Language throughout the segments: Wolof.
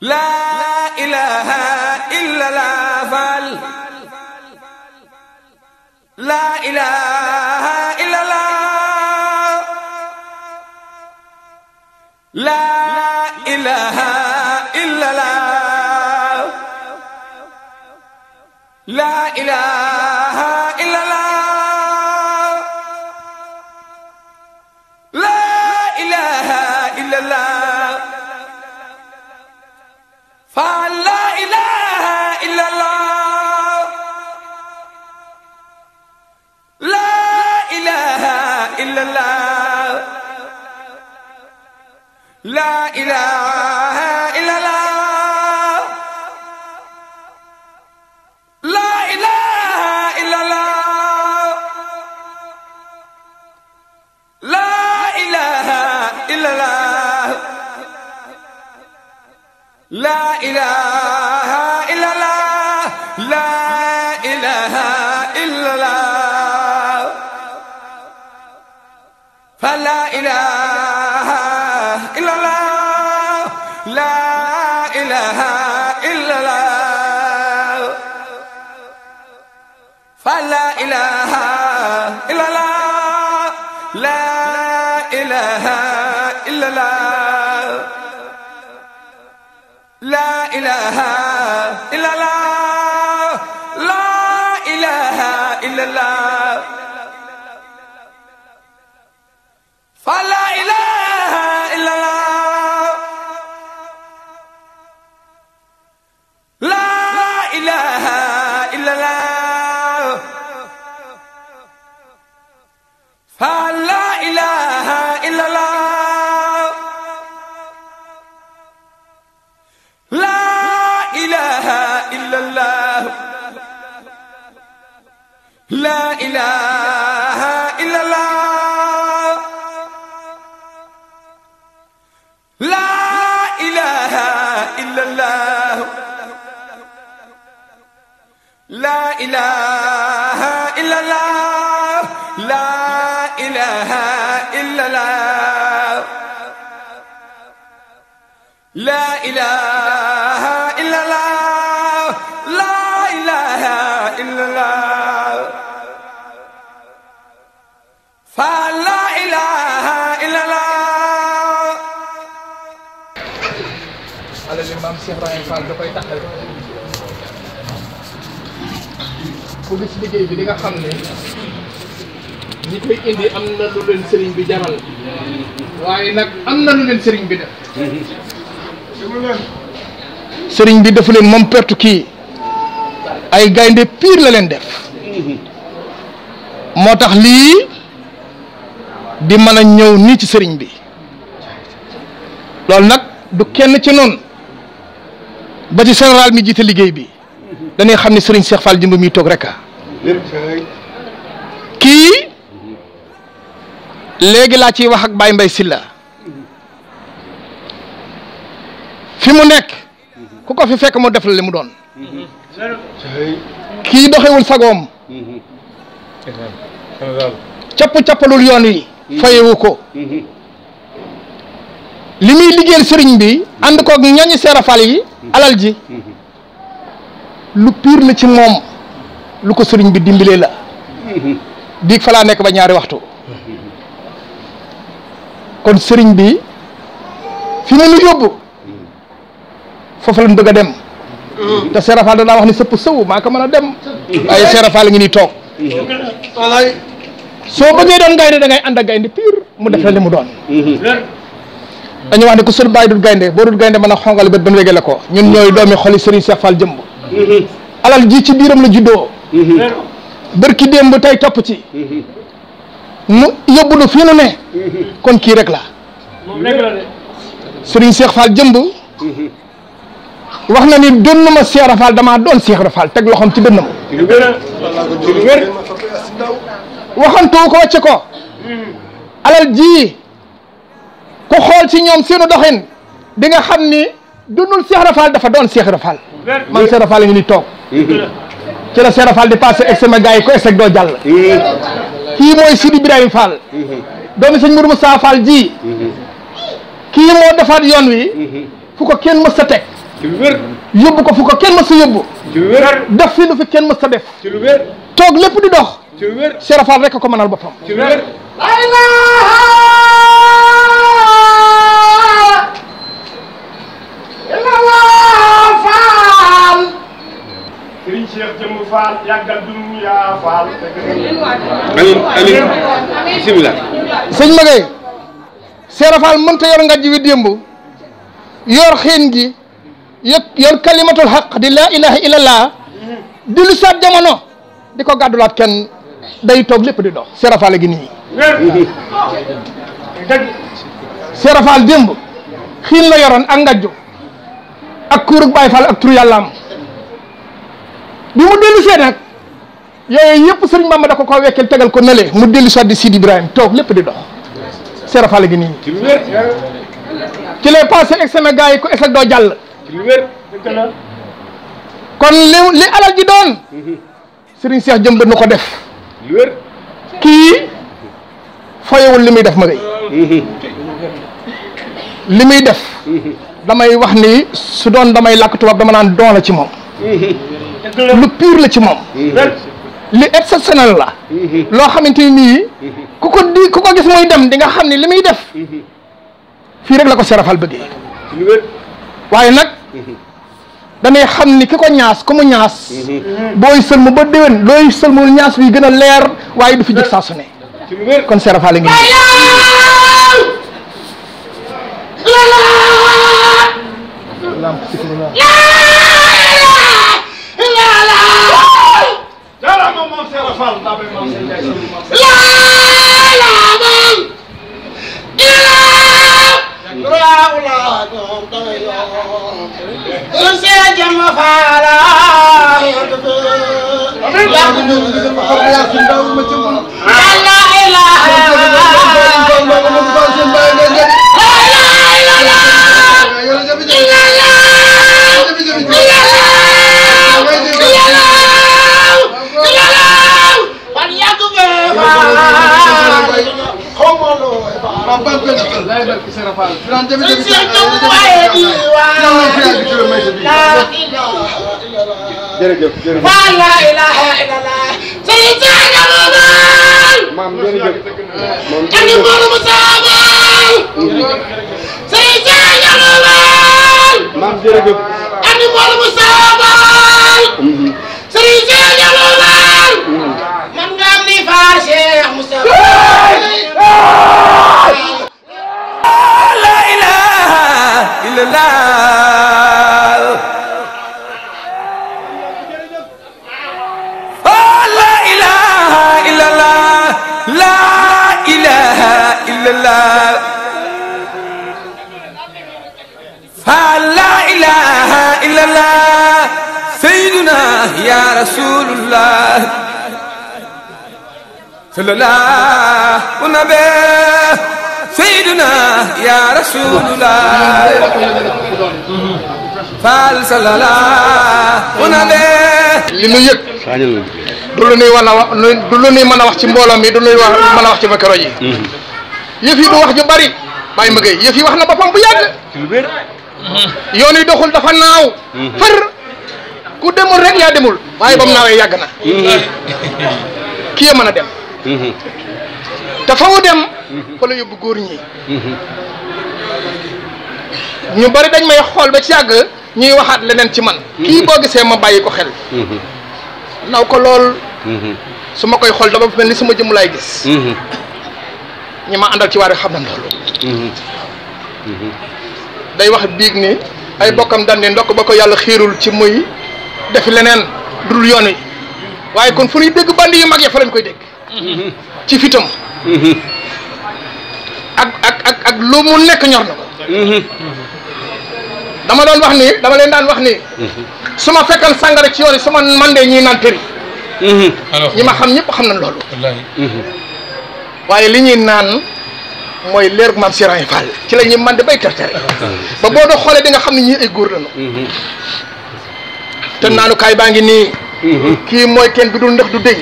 laa ilaaha illa laa faal laa ilaaha illa laa laa ilaaha illa laa laa ilaaha illallah la ilaha ilaha illallah la ilaha illallah fala maam Cheikh Ibrahim Fall gis liggéey bi di nga xam ne ñi na lu leen sëriñ bi jaral leen def leen moom pertu kii ay gaynde pire la leen def moo tax lii di mën a ñëw nii ci sëriñ bi loolu nag du kenn ci noonu ba ci général mi jiite liggéey bi dañuy xam ne sëriñ Cheikh Fall jëmb mi toog rek kii léegi laa ciy wax ak Baye Mbaye Silla fi mu nekk ku ko fi fekk mu def la li mu doon kii doxewul sagoom capp cappalul yoon yi fayewu ko mhm. li muy liggéey sëriñ bi ànd koog ñooñu seerafal yi alal ji lu piir la ci moom lu ko sëriñ bi dimbalee la diig fa laa nekk ba ñaari waxtu kon sëriñ bi fi mu nu yóbbu foofu lañ bëgg a dem te seerafal danaa wax ni sëpp sëw maa ko mën a dem waaye seerafal ngi ni toog soo bëggee doon gaynde da ngay ànd gaynde piir mu def la li mu doon dañu wax ne ku sul bàyyi dul gaynde boo dul gaynde mën a xongal bët ban wege la ko ñun ñooy doomi xoli Serigne Cheikh Fall jëmb alal ji ci biiram la juddoo bërki démb bu tey topp ci yóbbu nu fii nu ne kon kii rek la Serigne Cheikh Fall jëmb wax na ni doon ma Cheikh Rafal damaa doon Cheikh Rafal teg loxoom ci dënnam waxantu ko wàcce ko hmm. alal ji ku xool ci ñoom seenu doxin di nga xam ni dundul Cheikh Rafal dafa doon Cheikh Rafal man Cheikh Rafal a ni toog ci la Cheikh Rafal di passé ak sama gars yi ko eseg doo jàll kii mooy Sidi Ibrahima Fall doomi sëñ Mourou Moussa Fall ji kii moo defaat yoon wi fu ko kenn mës a teg yóbbu ko fu ko kenn mës a yóbbu def fi lu fi kenn mës a def toog lépp di dox Cheikh Rafal rek a ko mënal boppam Cheikh Jëmb Fall yàggal duñu yaa Fall. amiin amiin wi démb yor xiin gi yor kalimatul xaq di laa ilaha illallah di lu saat jamono di ko gàddulaat kenn day toog lépp di dox. Serap Fall gi nii. Serap Fall xiin la yoroon ak ngajju ak kuurug Baay Fall ak turu yàllaam. bi mu dellu see nag yooyu yëpp sëriñ Bamba da ko koo wekkil tegal ko nale mu dellu soit di Sidi Ibrahima toog lépp di dox Serap Fall gi nii ci lay passé examen gars yi ko échec doo jàll. kon li li alal ji doon sëriñ Seex jëmbat na ko def kii fayewul li muy def ma ngay li muy def damay wax ni su doon damay làkk tubaab dama naan doon la ci moom lu pur la ci moom mmh. li exceptionnel la mmh. loo xamante nii mmh. ku ko di ku ko gis muy dem di nga xam ne li muy def fii rek la ko serafal bëggee waaye nag danay xam ni ki ko ñaas ku mu ñaas booy sëlmu ba déwén looy sëlmul ñaas bi gën a leer waaye du fi jëg saa su ne kon serafal a ngi nii لا إله إلا الله jërëjëf jërëjëf. la ilaha illallah. sëñ bi maam jërëjëf. maam jërëjëf. illallah fa la ilaha illallah sayyiduna ya rasulullah sallallahu nabi sayyiduna ya rasulullah fal sallallahu nabi li nu yëg du lu nuy mën a wax du lu nuy mën a wax ci mbooloo mi du nuy mën a wax ci makaro yi mm-hmm. yëf yi du wax ju bari bàyyi mag gay yëf yi wax na boppam bu yàgg. yoon yi doxul dafa naaw. far ku demul rek yaa demul waaye bam naawee yàgg na. kii ya mën a dem. te fa mu dem. fa la yóbbu góor ñi. ñu bari dañ may xool ba ci yàgg ñuy waxaat leneen ci man. kii boo gisee ma bàyyi ko xel. naw ko lool. su ma koy xool dama mel ni sama jëmm laay gis. ñi ma àndal ci waar xam nañ loolu. Mhm. Mhm. day wax biig ni ay bokkam daan ne ndokk ba ko yàlla xiirul ci muy def leneen dul yoon yi waaye kon fu ñuy dégg bandi yu mag ya fa lañ koy dégg. Mhm. ci fitam ak ak ak ak lu mu nekk ñor na ko. dama doon wax ni dama leen daan wax ni. su ma fekkan sàngara ci yoon yi su ma man de ñii naan tëri. ñi ma xam ñëpp xam na loolu. waaye li ñuy naan mooy leerug maam Serigne Fall ci la ñuy mànd bay tertere ba boo doon xoolee di nga xam ne ñii ay góor lañu te naanukaay baa ngi nii kii mooy kenn bi dul ndax du dëñ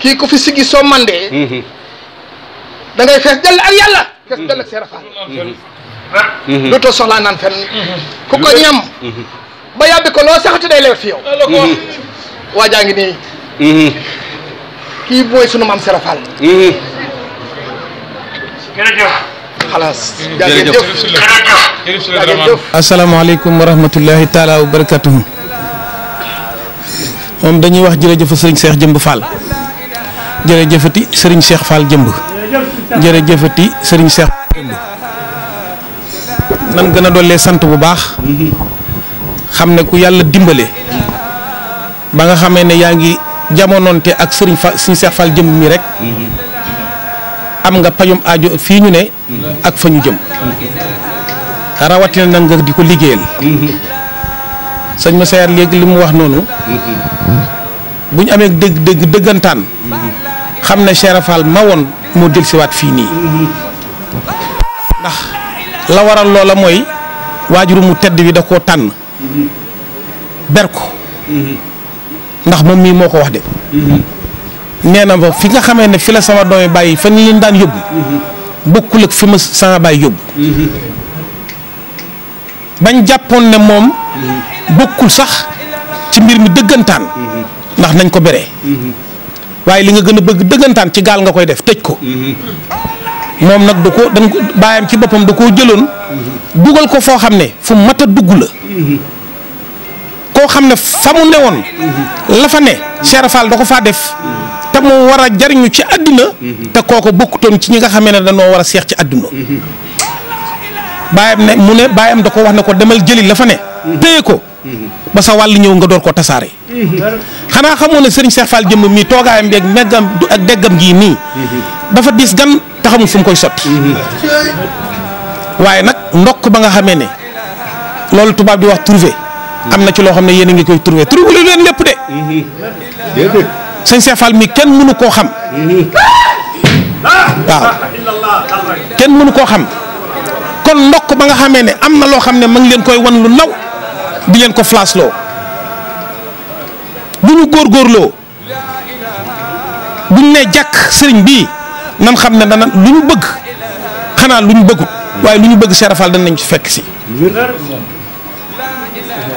kii ko fi siggi soo mandee da ngay fees dell ak yàlla fees dell ak Serigne Fall dootoo soxlaa naan fenn ku ko ñam ba yàbbi ko loo saxati day leer fi yow waajaa ngi nii kii mooy sunu maam Serap Fall. jërëjëf. xalaas jërëjëf jërëjëf wa rahmatullahi moom dañuy wax jërëjëf sëriñ Cheikh Jëmb Fall. jërëjëfati sëriñ Cheikh Fall Jëmb. jërëjëfati sëriñ Cheikh Jëmb. nan gën a dollee sant bu baax. Mm-hmm. xam ne ku yàlla dimbale. ba nga xamee ne yaa ngi. jamonoonte ak sëriñ fa suñu Seex Fall jëm mi rek am nga pajum ajo fii ñu ne ak fa ñu jëm rawatina nag nga di ko liggéeyal sëñ ma seer léegi li mu wax noonu bu ñu amee dëgg dëgg dëggantaan xam ne Cheikh Fall ma woon moo dellusiwaat fii nii ndax la waral loola mooy waajuru mu tedd bi da koo tànn ber ko ndax moom mii moo ko wax de. nee na ma fi nga xamee ne fi la sama doom yi bàyyi fan yi leen daan yóbbu. bokkul ak fi ma sama bàyyi yóbbu. bañ jàppoon ne moom. bokkul sax ci mbir mi dëggantaan. ndax nañ ko bere waaye li nga gën a bëgg dëggantaan ci gaal nga koy def tëj ko. moom nag da ko dañ ko bàyyam ci boppam da koo jëloon. dugal ko foo xam ne fu mat a dugg la. koo xam ne fa mu newoon la fa ne Cheikh Fall da ko faa def te mu war a jariñu ci àddina te kooko bokkutoon ci ñi nga xamee ne dañoo war a seex ci àdduna baayam ne mu ne baayam da ko wax ne ko demal jëli la fa ne téye ko ba sa wàll ñëw nga door ko tasaare xanaa xamoo ne sëriñ Cheikh Fall jëmm mii toogaayam beeg meggam ak deggam gi nii dafa diis gan te xamul fu mu koy sotti waaye nag ndokk ba nga xamee ne loolu tubaab di wax trouvé am na ci loo xam ne yéen a ngi koy trouvé trouvé lu leen lépp de. déedéet. sëñ Cheikh mi kenn mënu koo xam. waaw kenn mënu koo xam kon ndokk ba nga xamee ne am na loo xam ne ma ngi leen koy won lu law di leen ko flasloo bu ñu góorloo bu ñu nee jàkk sëriñ bi nan xam ne dana lu ñu bëgg xanaa lu ñu bëggut waaye lu ñu bëgg Cheikh Fall danañ ci fekk si.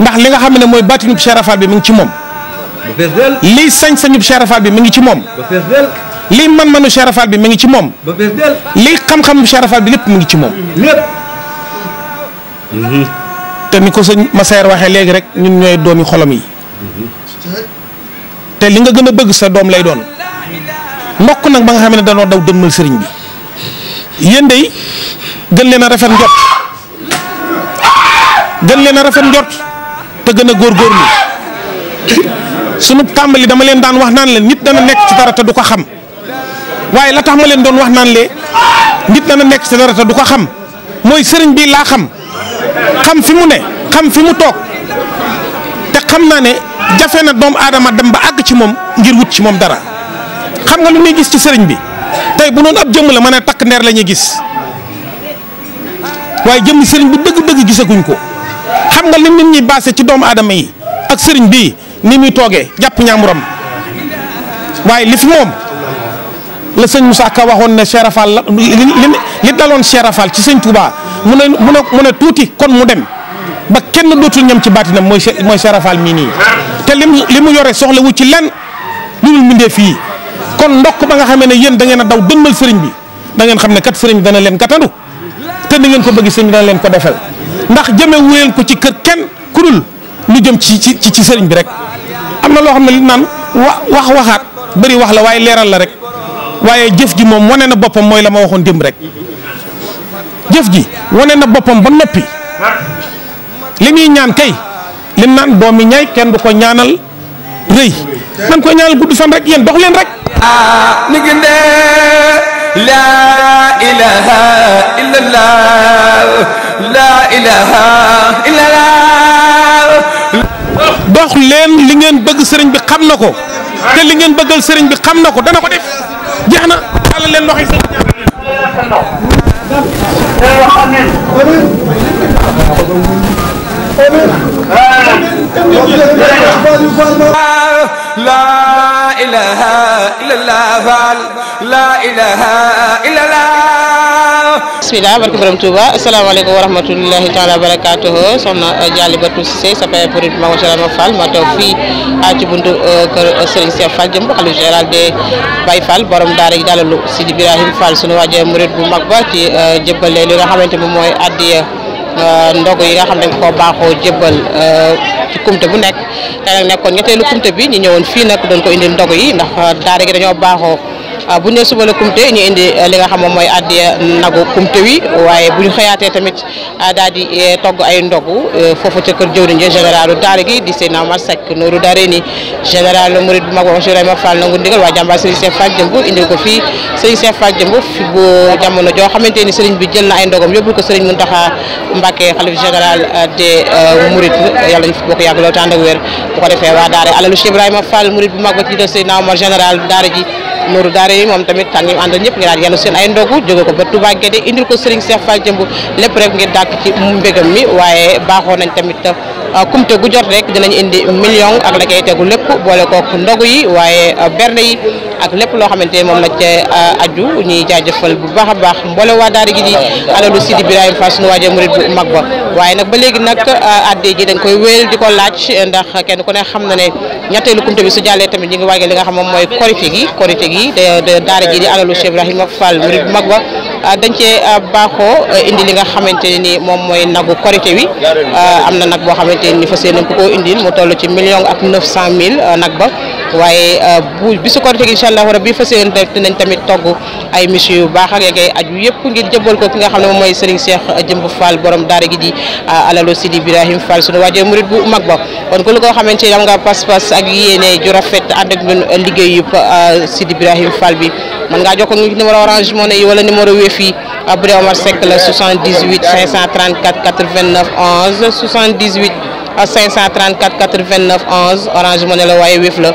ndax li nga xam ne mooy bàttinub Cheikh bi mu ngi ci moom. liy sañ-sañub Cheikh bi mi ngi ci moom. liy man-manu Cheikh bi mi ngi ci moom. liy xam-xamu Cheikh bi lépp mu ngi ci moom. te ni ko sëñ Massaer waxee léegi rek ñun ñooy doomi xolom yi. te li nga gën a bëgg sa doom lay doon. ndokk nag ba nga xam ne danoo daw dëmmal sëriñ bi. yéen day gën leen a rafet njot gën leen a rafet njort te gën a góor góorgóorlu sunu tàmbali dama leen daan wax naan leen nit dana nekk ci dara te du ko xam waaye la tax ma leen doon wax naan lee nit dana nekk ci dara du ko xam mooy sëriñ bi laa xam xam fi mu ne xam fi mu toog te xam naa ne jafe na doom aadama dem ba àgg ci moom ngir wut ci moom dara xam nga lu muy gis ci sëriñ bi tey bu noonu ab jëmm la ma ne takk ndeer lañuy gis waaye jëmmi sëriñ bi dëgg-dëgg gisaguñ ko. xam nga lim nit ñi basé ci doomu aadama yi ak sëriñ bi ni muy toogee jàpp ñaamuram waaye lifi fi moom la sëñ Moussa Ka waxoon ne Cheikh Rafal la li daloon Cheikh Rafal ci sëñ Touba mu ne mu ne mu ne tuuti kon mu dem ba kenn dootul ñam ci baatinam mooy mooy Cheikh Rafal nii te lim li mu yore soxla wu ci lenn lu dul ndee fii kon ndokk ba nga xamee ne yéen da ngeen a daw dënmal sëriñ bi da ngeen xam ne kat sëriñ bi dana leen katandu te da ngeen ko bëgg sëriñ bi dana leen ko defeel ndax jëme wuleen ko ci kër kenn ku dul lu jëm ci ci ci sëriñ bi rek am na loo xam ne li naan wax waxaat bari wax la waaye leeral la rek waaye jëf ji moom wane na boppam mooy la ma waxoon démb rek jëf ji wane na boppam ba noppi li muy ñaan kay lim naan doomi ñay kenn du ko ñaanal rëy man koy ñaanal gudd fan rek yéen dox leen rek ni ne laa ilaha illallah laa ilaaha illallaah dox leen li ngeen bëgg sëriñ bi xam na ko te li ngeen bëggal sëriñ bi xam na ko dana ko def jeex na tàllal leen loxo yi sëriñ bi. laa إله إلا الله فعل لا إله إلا الله bismillah barke borom Touba asalaamaaleykum wa rahmatullahi taala wa barakatuhu soxna Dialibatu Cissé sa ma wacalama Fall ma ci buntu euh, kër euh, Serigne Cheikh Fall jëm xalifa général des Baye Fall borom daara ji dalalu Sidi Ibrahim sunu waajo murid bu mag ba ci euh, jëbbal li nga xamante moom mooy addiya ndogu yi nga xam ne ko baaxoo jëbbal ci kumte bu nekk tey nag nekkoon ñetteelu kumte bi ñu ñëwoon fii nag doon ko indil ndogu yi ndax daara gi dañoo baaxoo Ah, bu ne suba la kumte ñu indi eh, li nga xam moom mooy addiya eh, nagu kumte wi waaye bu ñu xëyaatee tamit ah, daal di eh, togg ay ndogu foofu ca kër jëwriñ ji généralu daara gi di Seydina Omar Seck nooru daare ni général murid bu mag wax Ibrahima Fall nangu ndigal waa jàmbaar Serigne Cheikh Fall jëmb indil ko fii Serigne Cheikh Fall jëmb bu joo xamante ni Serigne bi jël na ay ndogam yóbbul ko Serigne Mountakha Mbacké xalif général des Mourides yàlla ñu fi bokk yàgg loolu tànd ak wér bu ko defee bu mag ba ci jiital Seydina Omar général daara ji nooru daar yi moom tamit ak ñi ànd ñëpp ngi daan yenu seen ay ndogu jóge ko ba Touba Guédé indil ko Serigne Cheikh Fall Jëmb lépp rek ngir dàkk ci mbégam mi waaye baaxoo nañ tamit uh, kumte gu jot rek dinañ indi million ak la koy tegu lépp boole kook ndogu yi waaye uh, berne yi ak lépp loo xamante ne moom la ca uh, aju ñuy jaajëfal bu baax a baax mboole waa daara gi di alalu Sidi Ibrahima Fall sunu waajee murid bu mag ba waaye nag ba léegi nag addee uh, ji dañ koy wéyal di ko laaj ndax kenn ku ne xam na ne ñetteelu kumte bi su jàllee tamit ñu ngi waajal li nga xam moom mooy korité gi korité gi de daara ji di alalu Cheikh Ibrahima Fall murid bu mag ba uh, dañ cee baaxoo indi li nga xamante ni moom mooy nagu korité wi am na nag boo xamante ni fas yéene ko koo indil mu toll ci million ak neuf cent mille nag ba waaye euh, bu bisu Korité gi incha allah rabbi fas yéene rek tamit togg ay miche yu baax ak ay aju yëpp ngir jëbal ko ki nga xam ne moom mooy Serigne Cheikh Jëmb Fall borom daara gi di euh, alalu Sidi Ibrahim Fall sunu waajee murit bu mag ba kon ku lu ko xamante ne am nga pas-pas ak yéene ju rafet ànd ak ñun liggéey yëpp euh, Sidi Ibrahim Fall bi mën ngaa jokkoo ko numéro Orange Money yi wala numéro Wave yi Abdou Omar Seck la 78 534 89 11 78 534 89 11 la waaye Wave la.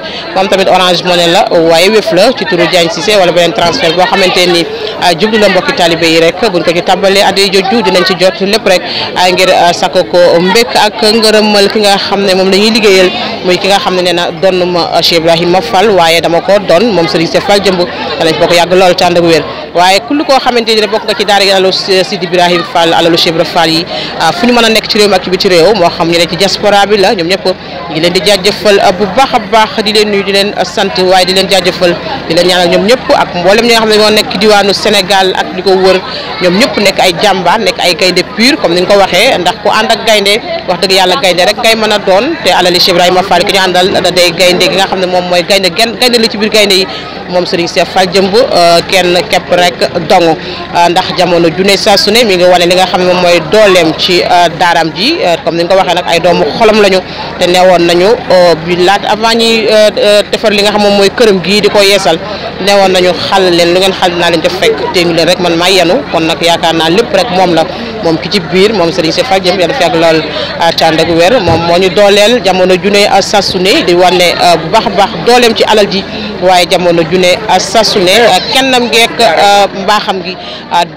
moom tamit orange money la waaye wéef la ci turu Diagne Cissé wala beneen transfert boo xamante ni ah, jublu la mbokki talibé yi rek buñ ko ci tàmbalee at yi joju dinañ ci jot lépp rek ay ah, ngir ah, sakko ko mbékk ak ngërëmal ki nga xam ne moom lañuy liggéeyal muy ki nga xam ne nee na doon ma Cheikh Ibrahima Fall waaye dama ko doon moom Serigne Cheikh Fall jëmb danañ boo ko yàgg lool tànd ak wér waaye ku kullu koo xamante ne bokk nga ci daar gi alalu Sidi Ibrahima Fall alalu Cheikh Ibra yi ah, fu ñu mën a nekk ci réew mi ak ci biti réew moo xam ñu ne ci diaspora bi la ñoom ñëpp di leen di jaajëfal ah, bu baax a baax di leen nuyu di leen sant waaye di leen jaajëfal di leen ñaanal ñoom ñëpp ak mboolem ñi nga xam ne moo nekk diwaanu Sénégal ak di ko wër ñoom ñëpp nekk ay jàmbaar nekk ay gaynde pur comme ni nga ko waxee ndax ku ànd ak gaynde wax dëgg yàlla gaynde rek ngay mën a doon te alali Cheikh Ibrahima Fall ki ñu àndal day gaynde gi nga xam ne moom mooy gaynde genn gaynde li ci biir gaynde yi moom Serigne Cheikh Fall jëmb euh, kenn képp rek dong euh, ndax jamono junne saa su ne mi ngi wane li nga xam ne moom mooy dooleem ci euh, daaram ji comme ni nga ko waxee nag ay doomu xolam lañu te neewoon nañu bi laat avant ñuy defar li nga xam moom mooy këram gii di ko yeesal neewoon nañu xal leen lu ngeen xal naa leen def fekk téengu leen rek man maa yenu nag yaakaar naa lépp rek moom la moom ki ci biir moom Serigne Cheikh Fall Dieng yàlla fekk lool ah, ànd ak wér moom moo ñu dooleel jamono junne sasu ne ah, di wane ah, bu baax a baax dooleem ci alal ji waaye jamono junne sasu ne kennam geek mbaaxam gi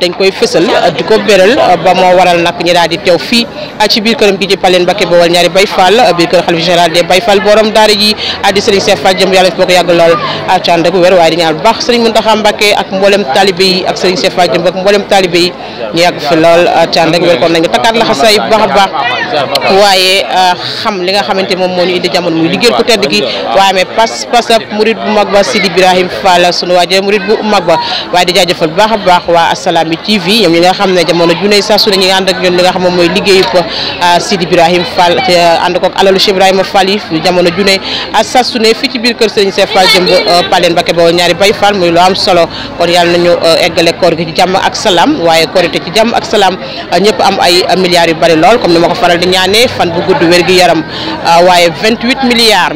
dañ koy fësal di ko béral ba moo waral nag ñi daal di teew fii ci biir këram gi ci Palène ba Bawol ñaari bay Fall biir kër xalifa général des Baye Fall borom daara ji di Serigne Cheikh Fall Dieng yàgg lool ànd taalibe yi ñu yàgg fi lool uh, te ànd ak wér kon nañu takkaat la xasaay bu baax a baax waaye uh, xam li nga xamante moom moo ñu indi jamono muy liggéeyal ku tedd gi waaye mais bu mag ba Sidi Ibrahim Fall sunu waajo murid bu a uh, alalu Cheikh Ibrahima yi jamono juney saa su ne ci biir kër Serigne Cheikh Fall jëm Paleen Mbacké ba ñaari Baye Fall muy lu am solo kon yàlla nañu eggale koor gi ci ak salaam jàmm waaye korité ci jàmm ak salaam ñëpp am ay milliards yu bari lool comme ni ma ko faral di ñaanee fan bu gudd wér gi yaram waaye milliards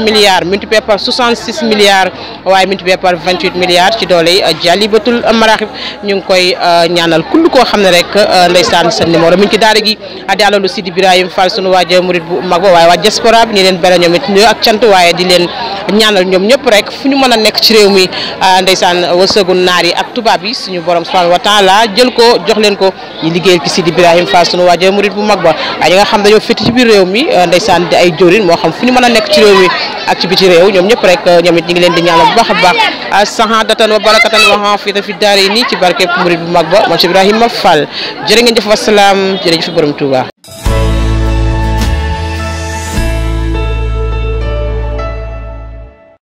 milliards milliards milliards ci doole yi Diallibatul Maraaxib ñu ngi koy euh, ñaanal kull koo xam ne rek euh, ndeysaan sa numéro mi ngi ci daara gi di àlalu Sidi Birahim Fall sunu waaja murit bu mag ba waaye waa diaspora bi leen bere ñoom it nuyu ak cant waaye di leen ñaanal ñoom ñëpp rek fu ñu mën a nekk ci réew euh, borom subhanahu wa taala jël ko jox leen ko ñu liggéeyal ki Sidi Ibrahima Fall sunu murit bu mag ba ñi nga xam dañoo fétti ci biir réew mi euh, a nekk ci ñoom ñëpp rek euh, ñoom it leen di ñaanal bu baax a baax saxaadatan wa barakatan wa xaafita fi daari nii ci barkeb murit bu mag ba moom si Ibrahima Fall jërë ngeen jëf wasalaam jërëjëf borom Touba